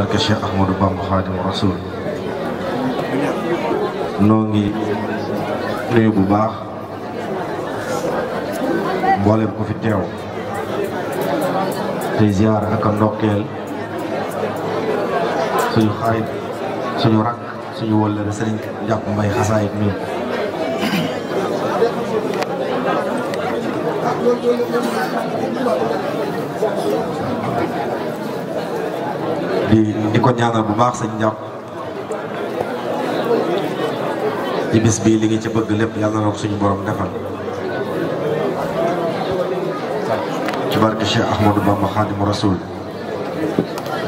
barke Cheikh Ahmadou Bamba ngi nuyu bu baax mboolem ko fi teew tey ziar ak a suñu xarit suñu rakk suñu wëllëre sëriñ jàpp mbay xasaayit mi di di ñaanal bu baax sëñ jàpp ci bis bii li nga ci bëgg lépp yàlla na ko suñu borom defal ci barke Bamba Rasul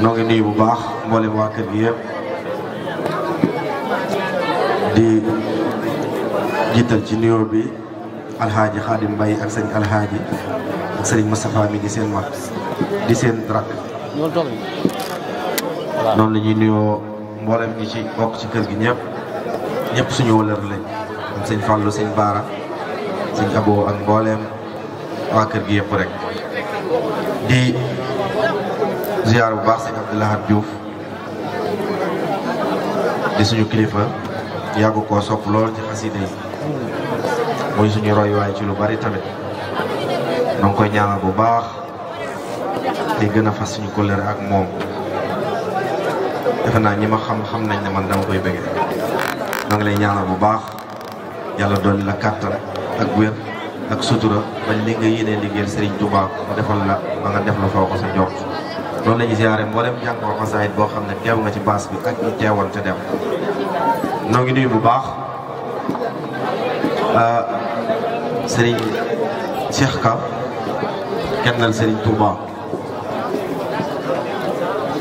noo ngi nuyu bu baax mboolem waa kër gi di jiital ci nuyoo bi alxaaji Xaadim Mbay ak sëñ ak mi di seen mag di seen rakk noonu la ñuy nuyoo mboolem ñi ci bokk ci kër gi ñëpp ñëpp suñu wëlër lañ am sëñ Fallou sëñ Baara sëñ Abo ak mbooleem waa kër gi yëpp rek di ziar bu baax sëñ Abdoulahat Diouf di suñu kilifa yàgg koo sopp lool ci xasida yi muy suñu roy ci lu bari tamit danga koy ñaanal bu baax te gën a fas suñu kóllëre ak moom defe naa ñi ma xam xam nañ ne man dama koy bëgg maa ngi lay ñaanal bu baax yàlla doon la kàttan ak wér ak sutura ba li nga yéenee liggéeyal Serigne Touba ba defal la ba nga def la foo ko sa njort loolu la ñuy ziare mboolem jàngoo xasaayit boo xam ne teew nga ci baas bi ak ñi teewoon te dem noo ngi nuyu bu baax ah, Serigne Cheikh Ka kennal Serigne Touba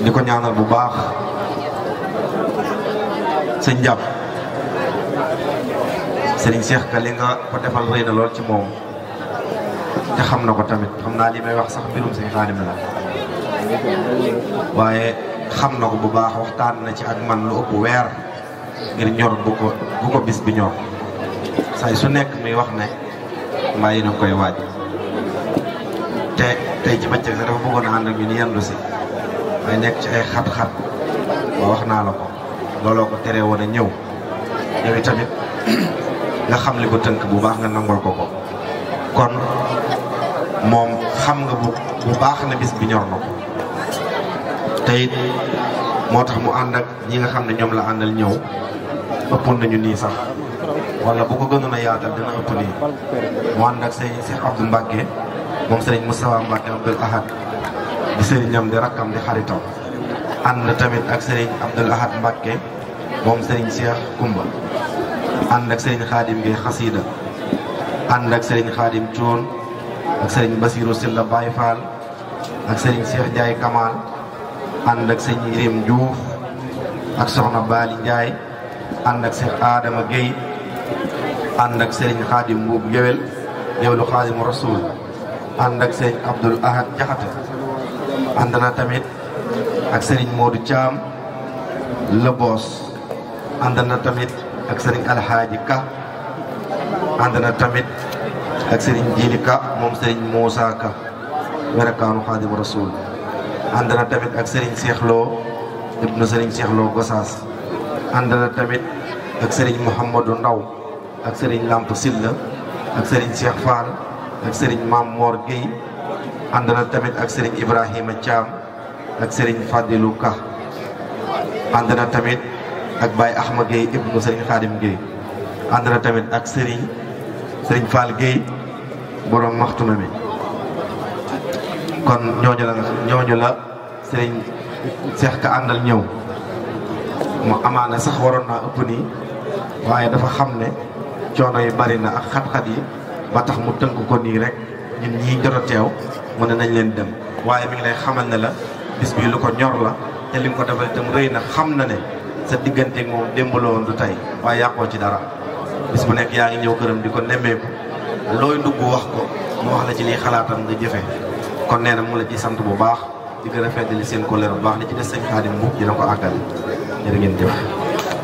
di ko ñaanal bu baax sëñ Ndiab Serigne Cheikh Ka li nga ko defal rëy na lool ci moom te xam na ko tamit xam naa lii may wax sax mbirum sëñ Xaadim la xam na ko bu baax waxtaan na ci ak man lu ëpp weer ngir ñor bu ko bis bi ñor say su nekk muy wax ne mbaa yi na koy waaj te tey ci bëccëg sax dafa bëggoon a ànd ak ñun yendu si may nekk ci ay xat-xat waa wax naa la ko looloo ko teree woon a ñëw tamit nga xam li ko bu baax nga ko ko kon mom xam nga bu baax na bis bi ñor na ko te mu ànd ak ñi nga xam ne ñoom la àndal ñëw ëppoon nañu nii sax wala bu ko gënoon yaatal dina ëpp mu ak Cheikh Abdou Mbacke Moustapha Mbacke Ahad di sëriñam di rakkam di xaritam ànd tamit ak sëriñ Abdoul Ahad Mbacke moom sëriñ Cheikh Kumba ànd ak sëriñ Xaadim Gueye Xasida ànd ak sëriñ Xaadim Thion ak sëriñ Basirou Silla Baye Fall ak sëriñ Cheikh Ndiaye Kamal ànd ak sëriñ Irim Diouf ak soxna Bali Ndiaye ànd ak sëriñ Adama Gueye ànd ak sëriñ Xaadim Mbuub Yewel Yewelu Xaadimu Rasuul ànd ak sëriñ Abdoul Ahad Jaxate ànd na tamit ak Serigne moodu Thiam le boss ànd na tamit ak Serigne Alhaaji Ka ànd na tamit ak Serigne Djili Ka moom Serigne Moussa Ka werakaanu Xaadimu Rasuul ànd na tamit ak Serigne Cheikh Lo sëriñ Serigne Cheikh Lo Gossas ànd na tamit ak Serigne Mouhamadou Ndaw ak Serigne Lamp Silla ak Serigne Cheikh Fall ak Serigne Mam Mor Gueye ànd na tamit ak Serigne Ibrahima Thiam ak Serigne Fadilou Ka ànd na tamit ak Baye Axma Gueye ibnu Serigne Khadim tamit ak Serigne Serigne Fall Gueye borom maxtuma mi kon ñooñu la ñooñu la Serigne Cheikh Ka àndal ñëw mu amaana sax waroon naa ëpp nii waaye dafa xam ne coono yi bari na ak xat-xat yi ba tax mu tënk ko nii rek ñun ñii jot teew mu ne nañ leen dem waaye mi ngi lay xamal ne la bis bi lu ko ñor la te li nga ko defal itam rëy na xam na ne sa diggante moom démb la woon du tey waaye yàqoo ci dara bis bu nekk yaa ngi ñëw këram di ko nemmeeku looy dugg wax ko mu wax la ci liy xalaatam nga jëfe kon nee na mu la ci sant bu baax di gën a feddali seen colère bu baax li ci des sëñ Xaadim mbubb dina ko àggale jërë ngeen jëf